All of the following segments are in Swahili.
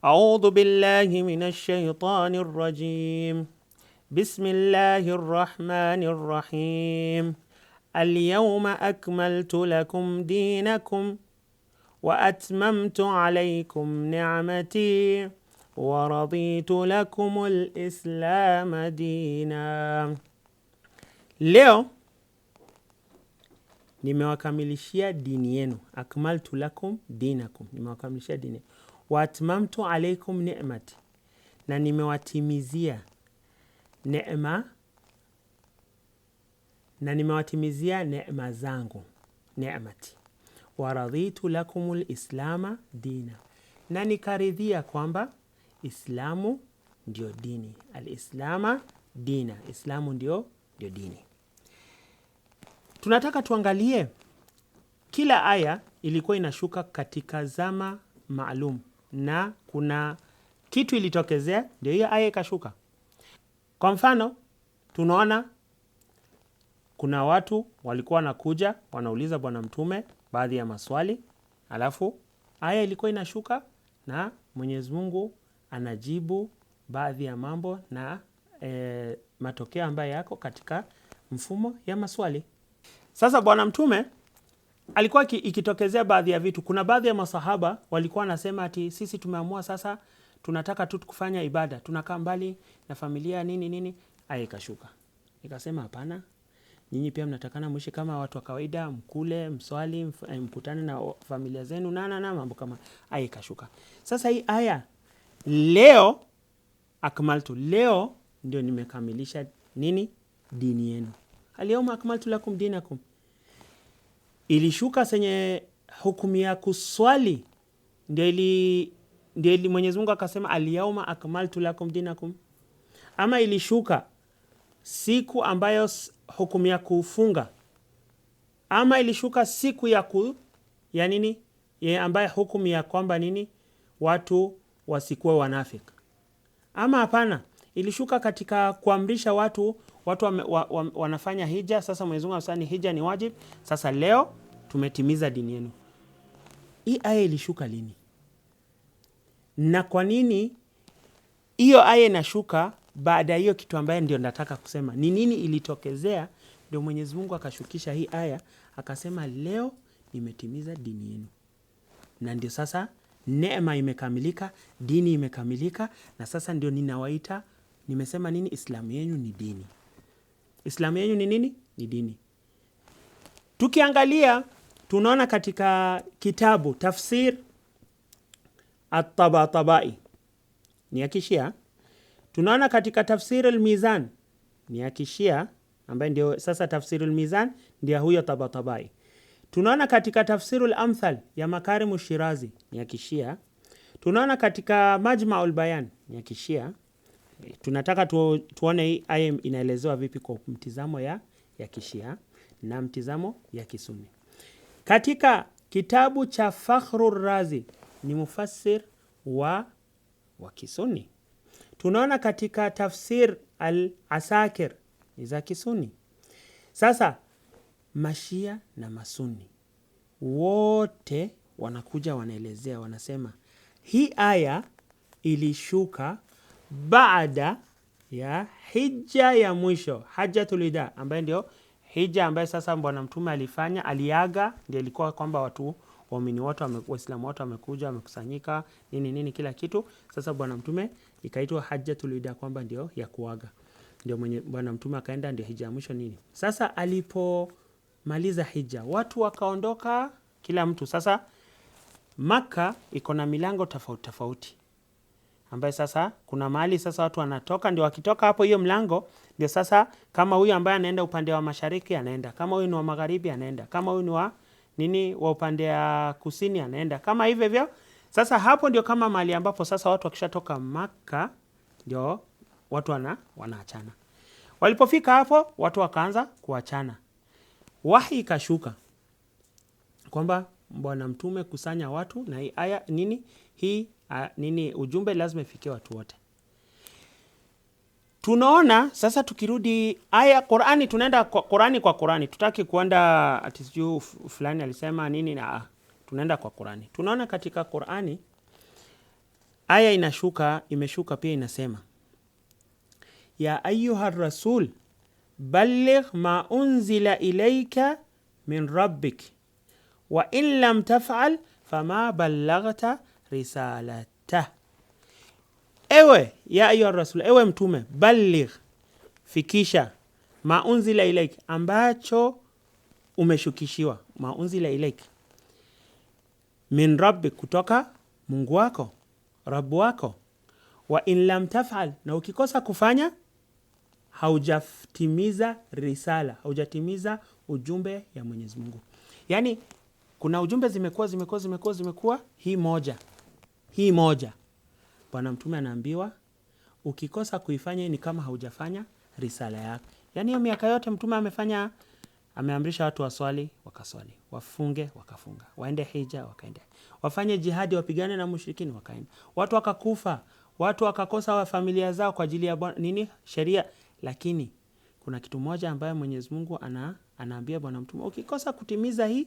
أعوذ بالله من الشيطان الرجيم بسم الله الرحمن الرحيم اليوم أكملت لكم دينكم وأتممت عليكم نعمتي ورضيت لكم الإسلام دينا leo nimewakamilishia dini أكملت لكم دينكم dinakum nimewakamilishia دينينو waatmamtu alaikum ni'mati, na nimewatimizia neema na nimewatimizia neema zangu nemati waradhitu lakum lislama dina, na nikaridhia kwamba Islamu ndio dini. Alislama dina, Islamu ndio ndio dini. Tunataka tuangalie, kila aya ilikuwa inashuka katika zama maalum na kuna kitu ilitokezea, ndio hiyo aya ikashuka. Kwa mfano, tunaona kuna watu walikuwa wanakuja wanauliza Bwana Mtume baadhi ya maswali, alafu aya ilikuwa inashuka na Mwenyezi Mungu anajibu baadhi ya mambo na e, matokeo ambayo yako katika mfumo ya maswali. Sasa Bwana Mtume alikuwa ikitokezea baadhi ya vitu. Kuna baadhi ya masahaba walikuwa wanasema ati sisi tumeamua sasa, tunataka tu kufanya ibada, tunakaa mbali na familia nini nini. Aya ikashuka ikasema, hapana, nyinyi pia mnatakana mwishi kama watu wa kawaida, mkule, mswali, eh, mkutane na familia zenu na na na mambo kama. Aya ikashuka. Sasa hii aya leo akmaltu, leo ndio nimekamilisha nini dini yenu, alyawma akmaltu lakum dinakum ilishuka senye hukumu ya kuswali, ndio ili Mwenyezi Mungu akasema alyauma akmaltu lakum dinakum, ama ilishuka siku ambayo hukumu ya kufunga, ama ilishuka siku ya ku ya nini ya ambayo hukumu ya kwamba nini watu wasikuwe wanafik ama hapana, ilishuka katika kuamrisha watu watu wa, wa, wa, wanafanya hija. Sasa Mwenyezi Mungu anasema hija ni wajib. Sasa leo tumetimiza dini yenu. Hii aya ilishuka lini na kwa nini hiyo aya inashuka baada ya hiyo kitu ambaye ndio nataka kusema ni nini ilitokezea, ndio Mwenyezi Mungu akashukisha hii aya akasema, leo nimetimiza dini yenu, na ndio sasa neema imekamilika, dini imekamilika, na sasa ndio ninawaita. Nimesema nini? Islamu yenu ni dini. Islamu yenu ni nini? Ni dini. Tukiangalia tunaona katika kitabu Tafsir At-Tabatabai ni ya Kishia. Tunaona katika Tafsir Al-Mizan ni ya Kishia ambaye ndio sasa Tafsir Al-Mizan ndio huyo Tabatabai. Tunaona katika Tafsir Al-Amthal ya makarimu Shirazi ni akishia Tunaona katika Majma Al-Bayan ni akishia Tunataka tu, tuone hii aya inaelezewa vipi kwa mtizamo ya, ya Kishia na mtizamo ya Kisuni. Katika kitabu cha Fakhru Razi ni mufassir wa, wa Kisuni. Tunaona katika tafsir al-Asakir ni za Kisuni. Sasa Mashia na Masuni wote wanakuja wanaelezea, wanasema hii aya ilishuka baada ya hija ya mwisho hajatulida Wida ndio hija ambayo sasa bwana mtume alifanya, aliaga, ndio ilikuwa kwamba watu waumini wote waislamu wote wamekuja wamekusanyika nini nini kila kitu. Sasa bwana mtume ikaitwa hajjatul wida, kwamba ndio ya kuaga, ndio mwenye bwana mtume akaenda, ndio hija ya mwisho nini. Sasa alipomaliza hija, watu wakaondoka kila mtu. Sasa Makka iko na milango tofauti tofauti ambaye sasa kuna mahali sasa watu wanatoka, ndio wakitoka hapo hiyo mlango, ndio sasa kama huyu ambaye anaenda upande wa mashariki anaenda, kama huyu ni wa magharibi anaenda, kama huyu ni wa nini wa upande wa kusini anaenda, kama hivyo hivyo. Sasa hapo ndio kama mahali ambapo sasa watu wakishatoka Maka ndio watu wana, wanaachana. Walipofika hapo watu wakaanza kuachana, wahi ikashuka kwamba Bwana Mtume kusanya watu na hii aya nini hii a, ah, nini ujumbe lazima ifikie watu wote. Tunaona sasa tukirudi aya Qur'ani, tunaenda kwa Qur'ani kwa Qur'ani, tutaki kuenda ati fulani alisema nini na ah, tunaenda kwa Qur'ani. Tunaona katika Qur'ani aya inashuka imeshuka pia inasema ya ayuha rasul balligh ma unzila ilaika min rabbik wa in lam taf'al fama ballaghta risalata, ewe ya ayuha rasul, ewe mtume, balligh, fikisha, maunzila ilaik, ambacho umeshukishiwa, maunzila ilaik min rabbi, kutoka Mungu wako Rabu wako wa in lam tafal, na ukikosa kufanya haujatimiza risala, haujatimiza ujumbe ya Mwenyezi Mungu. Yaani kuna ujumbe zimekuwa zimekuwa zimekuwa zimekuwa hii moja hii moja. Bwana Mtume anaambiwa ukikosa kuifanya ni kama haujafanya risala yako. Yaani hiyo miaka yote Mtume amefanya ameamrisha watu waswali wakaswali, wafunge wakafunga, waende hija wakaenda, wafanye jihadi, wapigane na mushrikini wakaenda, watu wakakufa, watu wakakosa wa familia zao kwa ajili ya nini? Sheria. Lakini kuna kitu moja ambayo Mwenyezi Mungu ana, anaambia Bwana Mtume, ukikosa kutimiza hii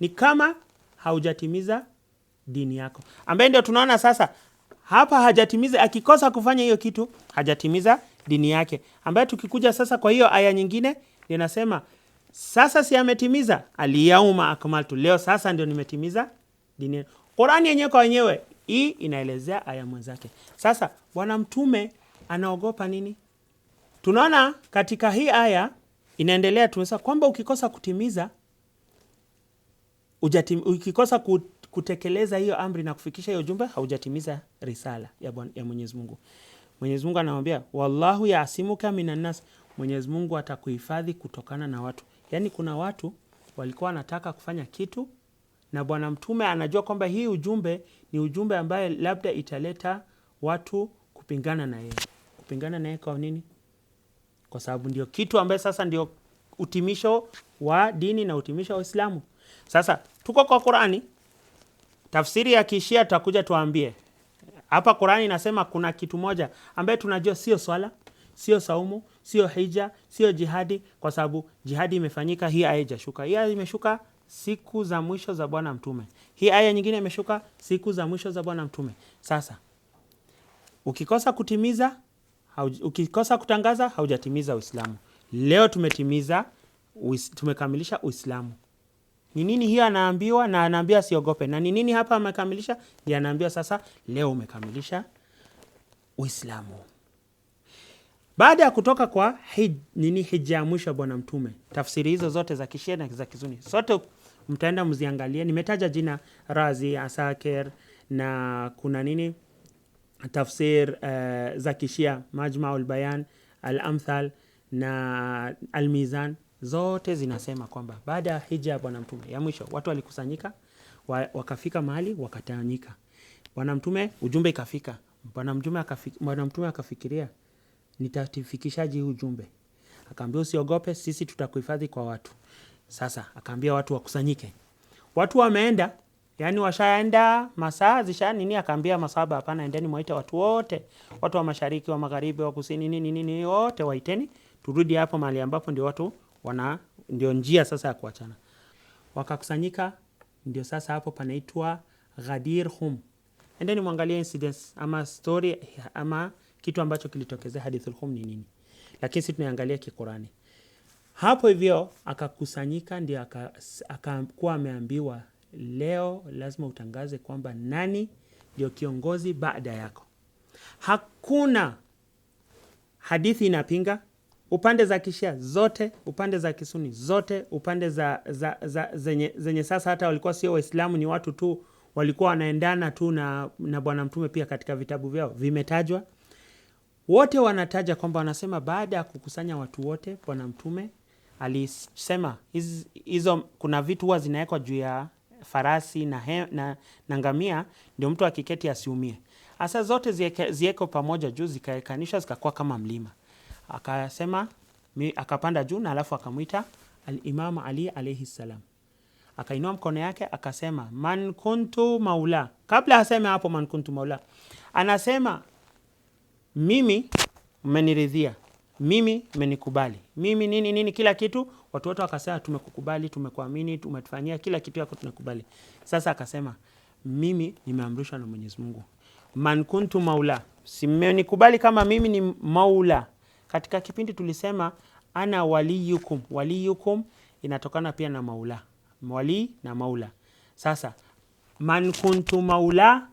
ni kama haujatimiza dini yako, ambaye ndio tunaona sasa hapa hajatimiza, akikosa kufanya hiyo kitu hajatimiza dini yake, ambaye tukikuja sasa kwa hiyo aya nyingine linasema sasa, si ametimiza aliyauma akmaltu, leo sasa ndio nimetimiza dini. Qurani yenyewe kwa wenyewe hii inaelezea aya mwenzake. Sasa bwana mtume anaogopa nini? Tunaona katika hii aya inaendelea tumesema kwamba ukikosa kutimiza ujatim, ukikosa kutekeleza hiyo amri na kufikisha hiyo jumbe, haujatimiza risala ya, ya Mwenyezi Mungu. Mwenyezi Mungu anamwambia wallahu yaasimuka minannas, Mwenyezi Mungu atakuhifadhi kutokana na watu. Yaani kuna watu walikuwa wanataka kufanya kitu na Bwana Mtume anajua kwamba hii ujumbe ni ujumbe ambaye labda italeta watu kupingana na yeye. Kupingana na yeye kwa nini? Kwa sababu ndio kitu ambaye sasa ndio utimisho wa dini na utimisho wa Uislamu. Sasa tuko kwa Qur'ani Tafsiri ya Kishia tutakuja tuambie. Hapa Qurani inasema kuna kitu moja ambaye tunajua sio swala, sio saumu, sio hija, sio jihadi, kwa sababu jihadi imefanyika, hii aya ijashuka. Hii aya imeshuka siku za mwisho za Bwana Mtume. Hii aya nyingine imeshuka siku za mwisho za Bwana Mtume. Sasa ukikosa kutimiza hau, ukikosa kutangaza haujatimiza Uislamu. Leo tumetimiza, uis, tumekamilisha Uislamu. Ni nini hiyo anaambiwa na anaambiwa asiogope. Na ni nini hapa amekamilisha? Ndiye anaambiwa sasa leo umekamilisha Uislamu. Baada ya kutoka kwa hij, nini hija ya mwisho bwana mtume. Tafsiri hizo zote za Kishia na za Kizuni. Sote mtaenda mziangalie. Nimetaja jina Razi, Asakir na kuna nini tafsir uh, za Kishia Majmaul Bayan, Al-Amthal na Al-Mizan zote zinasema kwamba baada ya hija ya Bwana Mtume ya mwisho watu walikusanyika wa, wakafika mahali wakatanyika. Bwana Mtume ujumbe ikafika. Bwana Mtume akafik, Bwana Mtume akafikiria nitafikishaje huu ujumbe? Akaambia usiogope, sisi tutakuhifadhi kwa watu. Sasa akaambia watu wakusanyike. Watu wameenda, yani washaenda masaa zisha nini, akaambia masaba, hapana, endeni mwaite watu wote, watu wa mashariki, wa magharibi, wa kusini, nini nini wote waiteni, turudi hapo mahali ambapo ndio watu wana ndio njia sasa ya kuachana. Wakakusanyika, ndio sasa hapo panaitwa Ghadir Hum. Endeni mwangalie incidents ama story ama kitu ambacho kilitokezea Hadithul Hum ni nini, lakini sisi tunaangalia kikurani hapo hivyo akakusanyika, ndio akakuwa aka ameambiwa leo lazima utangaze kwamba nani ndio kiongozi baada yako. Hakuna hadithi inapinga upande za kishia zote, upande za kisuni zote, upande za, za, za zenye, zenye sasa hata walikuwa sio Waislamu, ni watu tu walikuwa wanaendana tu na, na Bwana Mtume, pia katika vitabu vyao vimetajwa. Wote wanataja kwamba wanasema baada ya kukusanya watu wote, Bwana Mtume alisema hizo, kuna vitu huwa zinawekwa juu ya farasi na, he, na, na ngamia, ndio mtu akiketi asiumie. Hasa zote zieko pamoja juu zikaekanishwa zikakuwa kama mlima akasema akapanda juu na alafu akamwita al Ali alayhi salam, akainua mkono yake akasema man kuntu maula. Kabla aseme hapo man kuntu maula, anasema mimi mmeniridhia, mimi mmenikubali, mimi nini nini, kila kitu. Watu wote wakasema tumekukubali, tumekuamini, tumetufanyia kila kitu yako, tunakubali. Sasa akasema mimi nimeamrishwa na Mwenyezi Mungu, man kuntu maula, simmenikubali kama mimi ni maula katika kipindi tulisema ana waliyukum. Waliyukum inatokana pia na maula, wali na maula. Sasa man kuntu maula,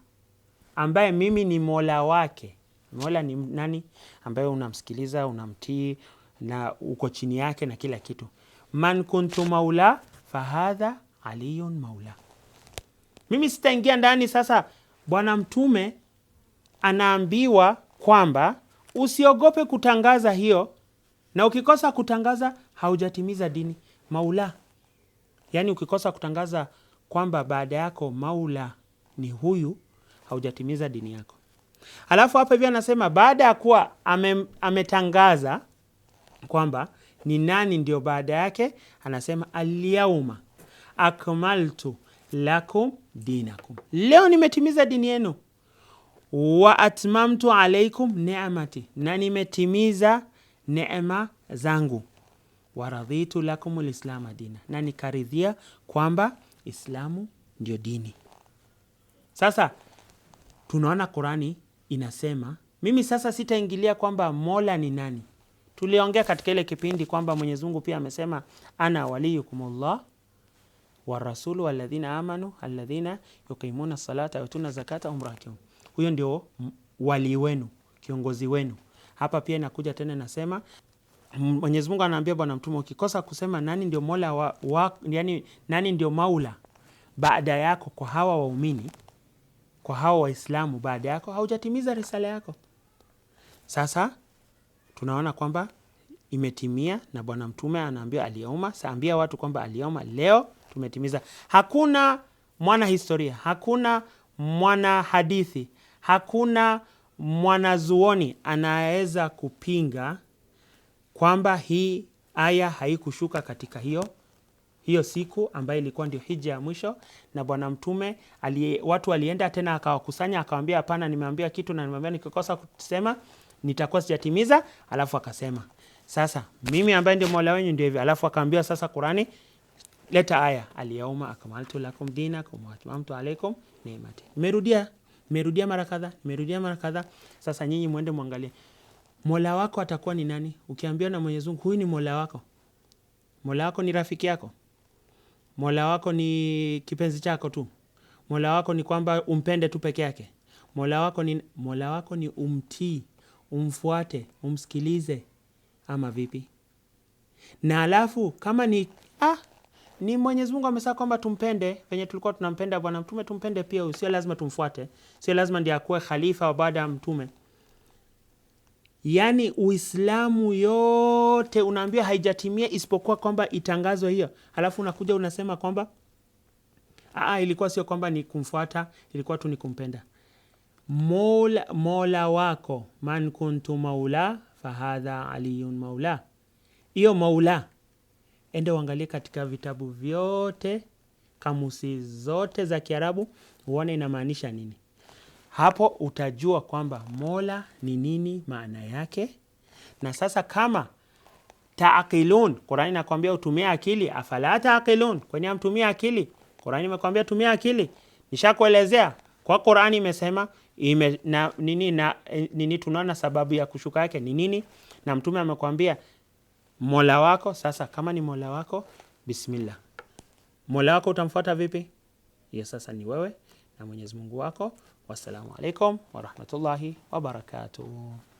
ambaye mimi ni mola wake. Mola ni nani? Ambaye unamsikiliza unamtii na uko chini yake na kila kitu. Man kuntu maula fahadha aliyun maula. Mimi sitaingia ndani sasa. Bwana Mtume anaambiwa kwamba usiogope kutangaza hiyo, na ukikosa kutangaza haujatimiza dini. Maula, yaani ukikosa kutangaza kwamba baada yako maula ni huyu, haujatimiza dini yako. Alafu hapa hivi anasema baada ya kuwa ame, ametangaza kwamba ni nani ndio baada yake, anasema alyauma akmaltu lakum dinakum, leo nimetimiza dini yenu wa atmamtu alaikum ni'mati, na nimetimiza neema zangu, waradhitu lakum lislama dina, na nikaridhia kwamba Islamu ndio dini. Sasa tunaona Qurani inasema mimi sasa sitaingilia kwamba mola ni nani. Tuliongea katika ile kipindi kwamba Mwenyezi Mungu pia amesema ana llah warasulu walladhina amanu alladhina yuqimuna salata yutuna zakata umrakiun huyo ndio wali wenu, kiongozi wenu. Hapa pia inakuja tena inasema Mwenyezi Mungu anaambia Bwana Mtume, ukikosa kusema nani ndio mola wa, wa, yani, nani ndio maula baada yako kwa hawa waumini kwa hawa Waislamu baada yako, haujatimiza risala yako. Sasa tunaona kwamba imetimia na Bwana Mtume anaambia aliyauma, saambia watu kwamba aliyauma, leo tumetimiza. Hakuna mwana historia, hakuna mwana hadithi, Hakuna mwanazuoni anaweza kupinga kwamba hii aya haikushuka katika hiyo hiyo siku ambayo ilikuwa ndio hija ya mwisho, na Bwana Mtume ali, watu walienda tena akawakusanya, akawambia hapana, nimeambia kitu na nimeambia nikikosa kusema nitakuwa sijatimiza. Alafu akasema sasa mimi ambaye ndio mola wenyu ndio hivyo. Alafu akaambiwa sasa kurani leta aya, aliyauma akmaltu lakum dinakum waatmamtu alaikum nimati. Nimerudia nimerudia mara kadhaa, nimerudia mara kadhaa. Sasa nyinyi mwende mwangalie mola wako atakuwa ni nani? Ukiambiwa na Mwenyezi Mungu huyu ni mola wako, mola wako ni rafiki yako, mola wako ni kipenzi chako tu, mola wako ni kwamba umpende tu peke yake, mola wako ni, mola wako ni umtii, umfuate, umsikilize ama vipi? Na alafu kama ni ah, ni Mwenyezi Mungu amesema kwamba tumpende venye tulikuwa tunampenda bwana mtume, tumpende pia huyu. Sio lazima tumfuate, sio lazima ndiye akuwe khalifa baada ya mtume. Yaani Uislamu yote unaambiwa haijatimia isipokuwa kwamba itangazwe hiyo, halafu unakuja unasema kwamba aa, ilikuwa sio kwamba ni kumfuata, ilikuwa tu ni kumpenda Mola, Mola wako man kuntu maula fahadha aliyun maula, hiyo maula ende uangalie katika vitabu vyote, kamusi zote za Kiarabu uone inamaanisha nini. Hapo utajua kwamba mola ni nini maana yake. Na sasa kama taakilun, Qurani inakwambia utumie akili, afala taakilun, kwenye amtumia akili? Qurani imekwambia tumia akili. Nishakuelezea kwa Qurani imesema ime, na, nini, na, eh, nini tunaona sababu ya kushuka yake ni nini, na mtume amekwambia Mola wako sasa, kama ni Mola wako, bismillah. Mola wako utamfuata vipi? Hiyo sasa ni wewe na Mwenyezi Mungu wako. Wassalamu alaikum warahmatullahi wabarakatuh.